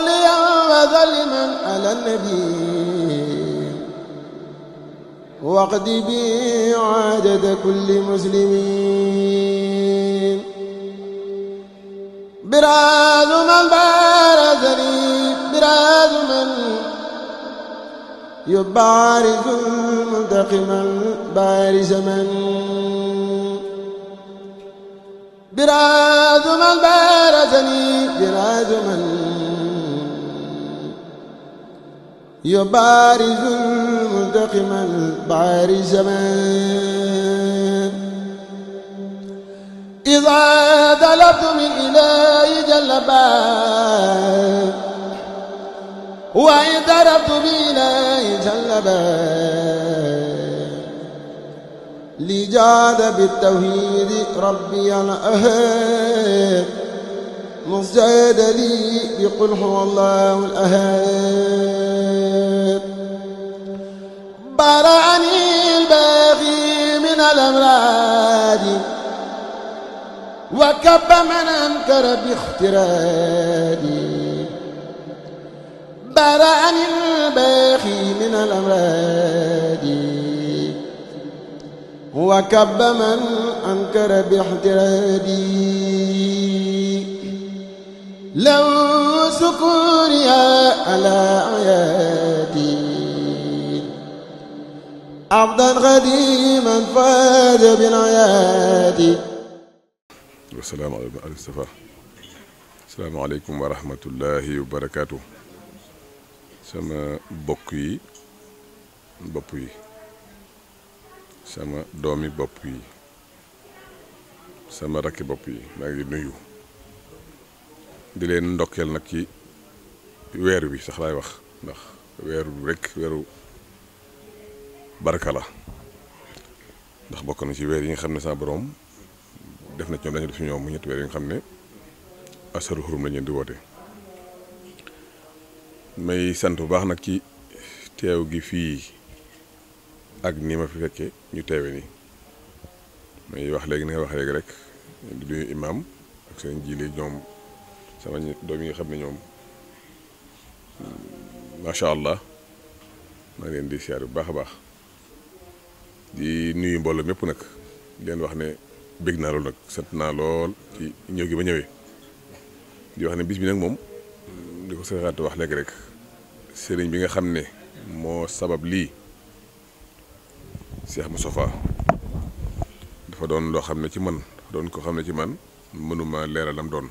صليا وسلما على النبي واقض بي عدد كل مسلمين براز من بارزني براز من يبارز منتقما بارز من براز من بارزني براز من يبارز المنتقم البارز إذا دلت من إلهي جل بار وإن دربت بإلهي جل بار لجاد بالتوحيد ربي الأهل مزاد لي بقل هو الله الأهل براني الباغي من الأمراض وكب من أنكر باخترادي براني الباغي من الأمراض وكب من أنكر باحترادي لو سكورها على عيادي عبدا قديما فاز بالعياد السلام عليكم أهل الصفا السلام عليكم ورحمة sama bokk yi bopp yi sama doomi bopp yi sama rakki bopp yi maa ngi nuyu di leen ndokkeel nag ci weer wi sax laay wax ndax weer wi rek weeru barka la ndax bokk na ci weer yi nga xam ne sa boroom def na ci ñoom dañu def ci ñoom mu ñetti weer yi nga xam ne asaru xurum lañu di woote may sant bu baax nag ci teew gi fii ak ni ma fi fekke ñu teewe nii may wax léegi ni wax léegi rek di nuyu imaam ak seen jiile ñoom sama doom yi nga xam ne ñoom macha allah maa leen di siyaar bu baax a baax di nuyu mbooloo mépp nag leen wax ne bég naa lool nag sant naa lool ci ñëw gi ma ñëwee di wax ne bis bi nag moom di ko saxaat wax léegi rek sëriñ bi nga xam ne moo sabab lii Cheikh Moustapha dafa doon loo xam ne ci man dafa doon koo xam ne ci man mënuma leeralam doon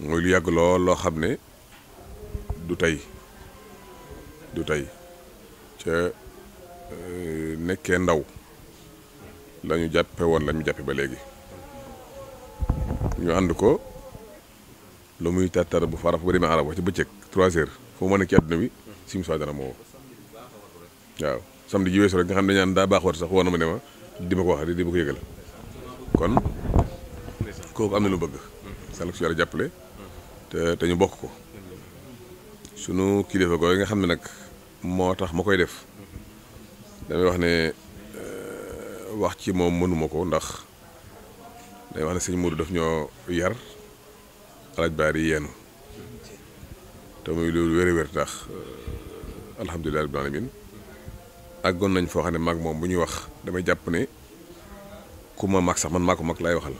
mooy lu yàgg lool loo xam ne du tey du tey Euh, nekkee ndaw la ñu jàppe woon lañu ñu jàppe ba léegi ñu ànd ko lu muy tàttar bu faraf ba demee arab wax ci bëccëg trois heures foo ma nekk ci àdduna bi si musaa dana moo waaw samedi ji weesu rek nga xam ne dañaan daa baax watu sax woon na ma ne ma di ma ko wax di ma ko yëgal kon kooku am na lu bëgg sànq su yàlla jàppale te te ñu bokk ko sunu kilifa googu nga xam ne nag moo tax ma koy def damay wax ne euh, wax ci moom mënuma ko ndax day wax ne sëñ Modou def ñoo yar alaaj baari yeenu te muy loolu wér a wér ndax euh, alhamdulilah rabbil alamin àggoon nañ foo xam ne mag moom bu ñuy wax damay jàpp ne ku ma mag sax man maa mag lay waxal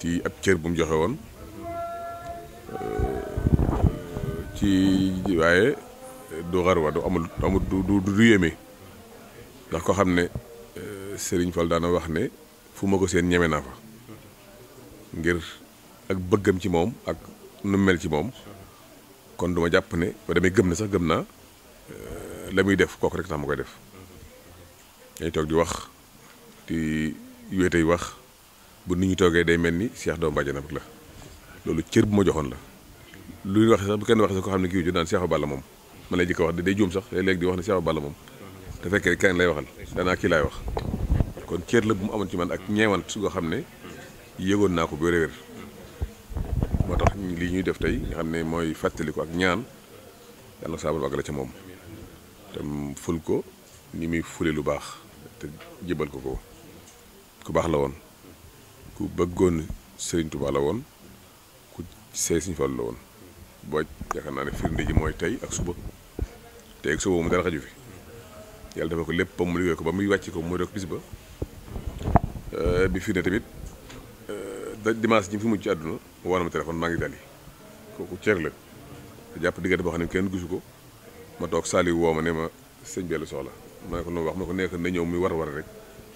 ci ab cër bu mu joxe woon euh, ci waaye du xar du amul amul du du yéeme ndax ko xam ne euh, Serigne Fall daana wax ne fu ma ko seen ñeme naa fa ngir ak bëggam ci moom ak nu mel ci moom kon duma jàpp ne ba demee gëm ne sax gëm naa euh, la muy def kooku rek tax ma koy def dañuy toog di wax di wéetey wax bu nit ñi toogee day mel ni Cheikh doomu bàjjanam la loolu cër bu ma joxoon la luy wax sax bu kenn waxee sax ko xam ne kii ju daan Cheikh Balla moom man lay jëkk wax day juum sax léeg-léeg di wax ne Cheikh Balla moom te fekkee keneen lay waxal danaa kii laay wax kon cër la bu mu amoon ci man ak ñeewant goo xam ne yëgoon naa ko bu wér-wér moo tax lii ñuy def tey nga xam ne mooy fàttali ko ak ñaan yàlla na saabu àggale ca moom te ful ko ni muy fule lu baax te jëbal ko ko ku baax la woon ku bëggoon Serigne Touba la woon ku seey Serigne Fall la woon boo yaakaar naa ne firnde ji mooy tey ak suba tey ak suba moom dara xaju fi yàlla defal ko lépp mu liggéey ko ba muy wàcc ko mu rek bis ba bi fi ne tamit dimanche ji fi mujj ci àdduna war na ma téléphone maa ngi dali kooku jàpp diggante boo xam ne kenn gisu ko ma toog Saliou woo ma ne ma sëñ bi soxla ma ko noonu wax ma ko nekk ñëw muy war war rek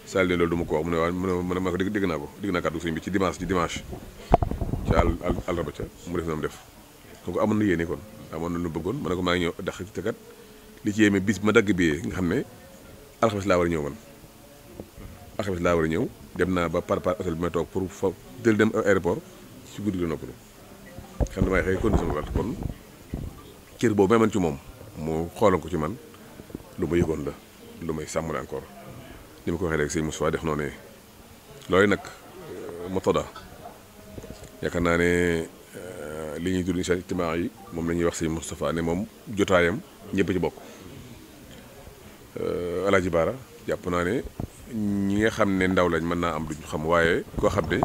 Saliou loolu du ma ko wax mu ne waaw mu ne ma ko dégg ko dégg naa kàddu sëñ ci dimanche ci dimanche ca àll àll àllarba ca mu def na mu def donc amoon na yéene kon amoon na lu bëggoon ma ne ko maa ngi ñëw dax ci kat li ci yéeme bis ma dagg bi nga xam ne alxames laa war a ñëw man alxames laa war a ñëw dem naa ba par par hôtel bi may toog pour fa jël dem aéroport ci guddi la noppalu xam damay xëy may man ci moom mu xooloon ci man lu ma yëgoon la lu may sàmmale encore ni ma ko waxee rek sëñ Moussa def noonu ne nag euh, motoda naa ne li ñuy tudd incha ijtimaa yi moom la ñuy wax si Moustapha ne moom jotaayam ñëpp ci bokk euh, Alaaji Baara jàpp naa ne ñi nga xam ne ndaw lañ mën naa am duñu xam waaye koo xam ne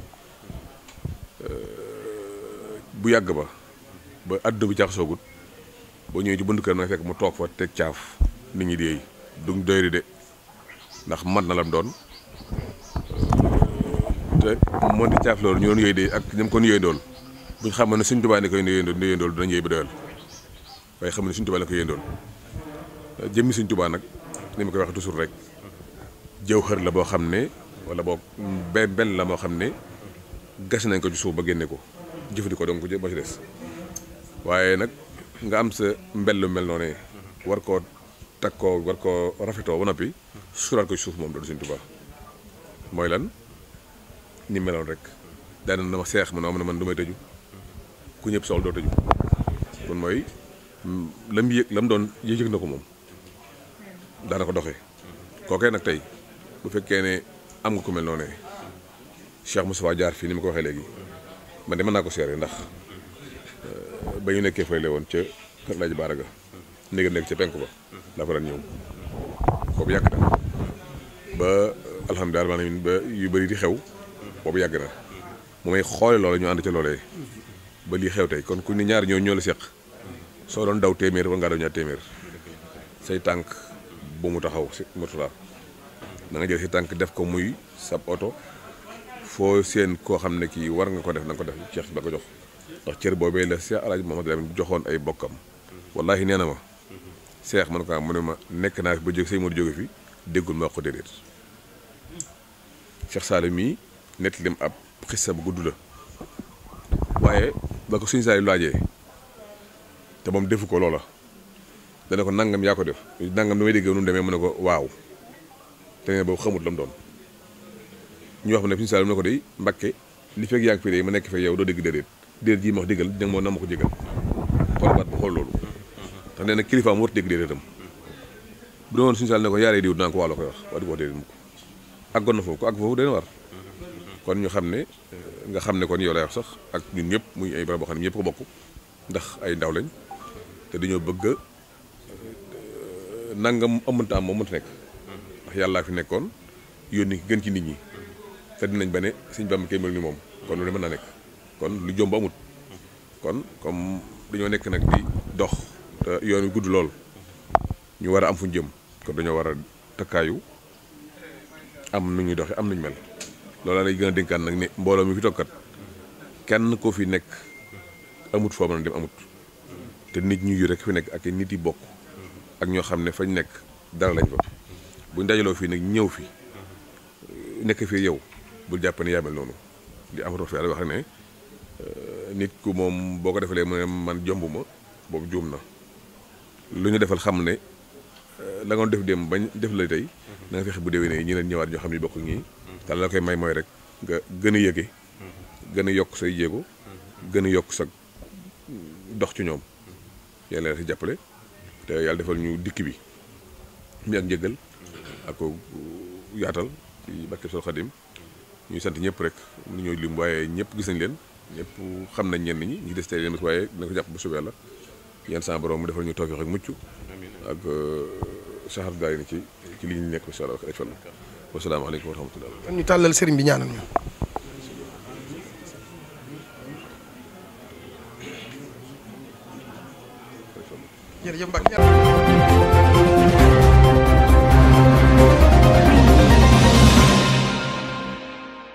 euh, bu yàgg ba ba àdduna bi caax soogut boo ñëwee ci bunt kër nag fekk mu toog fa teg caaf nit ñi di duñ doyri de ndax man na lam doon euh, te mën di caaf loolu ñu doon yooyu de ak ñoom kon yooyu doon bu ñu xamoon ne suñ tubaa ne koy nuyoo nuyoo dinañ yëy ba doyal waaye xam ne suñ tubaa la ko yëndoon jëmmi suñ tubaa nag ni ma koy wax toujours rek jawhar la boo xam ne wala boo benn la moo xam ne gas nañ ko ci suuf ba génne ko jëfandikoo donc ko ba ci des waaye nag nga am sa mbellu mel noonu war koo takk koo war koo rafetoo ba noppi suraat ko ci suuf moom doon suñ tubaa mooy lan ni meloon rek daana na ma seex man a man du may tëju ku ñëpp soxla doo tëju kon mooy mm, lam yëg lam doon yëg na ko moom daana ko doxee kookee nag tey bu fekkee ne am nga ku mel noonu Cheikh Moustapha jaar fii ni ma ko waxee léegi man de mën naa ko seere ndax euh, ba ñu nekkee fay le woon ca kër Laaji Baara ga néega nekk ca penku ba laa fa daan ñëw boobu yàgg na ba alhamdulilah maanaam ba yu bëri di xew boobu yàgg na mu may xoole loola ñu ànd ca loolee ba lii xew tey kon ku ni ñaar ñoo ñoo la seq soo doon daw téeméer war ngaa daw ñaar téeméer say tànk bu mu taxaw si Mourtala da nga jël si tànk def ko muy sab oto foo seen koo xam ne kii war nga ko def na nga ko def ceex ba jox ndax cër boobee la Cheikh El Hadj joxoon ay bokkam wallaahi nee na ma Cheikh man ko ah, mu ne ma nekk naa fi ba jóg sëñ Modou jóge fi déggul ma ko déedéet Cheikh Saloum mii nett lim ab xissa bu gudd la waaye ba ko suñu saa laajee te moom defu ko loola dana ko nangam yaa ko def nangam damay dégg nu demee mu ne ko waaw te ne boobu xamut la mu doon ñu wax ne suñu saa yu ne ko de mbakke li fekk yaa ngi fi de ma nekk fekk yow doo dégg déedéet déedéet jii ma wax déggal dégg na ma ko jégal xool baat bu xool loolu ndax nee kilifaam warut dégg déedéetam bu doon suñu saa ne ko yaaree diw dinaa ko wàllu koy wax wax di ko wax déedéet mu ko àggoon na foofu ko àgg xam ne nga xam ne kon yow lay wax sax ak ñun ñëpp muy ay barab boo xam ne ñëpp ko bokk ndax ay ndaw te dañoo bëgg euh, nangam amanta am moom mënta nekk ndax yàllaa fi nekkoon yónni gën ci nit ñi te dinañ ba ne Sëñ Bàmba kay mel moom kon mën naa nekk kon lu jomb kon comme dañoo nekk nag di dox yoon wi gudd lool ñu war a am fu jëm kon dañoo war a takkaayu am nu ñuy doxe am nañu mel loolu lay gën a dénkaan nag ne mbooloo mu fi tokkat kenn ko fi nekk amut foo mën a dem amut te nit ñu yu rek fi nekk ak nit yi bokk ak ñoo xam ne fañ nekk dara lañ fa buñ dajaloo fii nag ñëw fi nekk fii yow bul jàpp ne yaa mel noonu li am rof yàlla wax ne euh, nit ku moom boo ko defalee mu ne man jomb ma boobu juum na lu ñu defal xam ne euh, la nga def dem bañ def la tey na nga fexe bu déwénee ñeneen ñëwaat ñoo xam ni bokk ñii te la koy may mooy rek nga gën a yëge gën a yokk say jéego gën a yokk sa dox ci ñoom yàlla la si jàppale te yàlla defal ñu dikk bi mi ak njëgal ak ko yaatal ci barke Sol Xadim ñuy sant ñëpp rek nu ñooy lim waaye ñëpp gis nañ leen ñëpp xam nañ ñenn ñi ñu des tey leen waaye dina ko jàpp bu soobee yàlla yan sa boroom mu defal ñu tawfiq ak mucc ak saxaar daay na ci ci li ñu nekk incha allah ak wa salaamaaleykum wa rahmatulah. kon ñu tàllal sëriñ bi ñaanal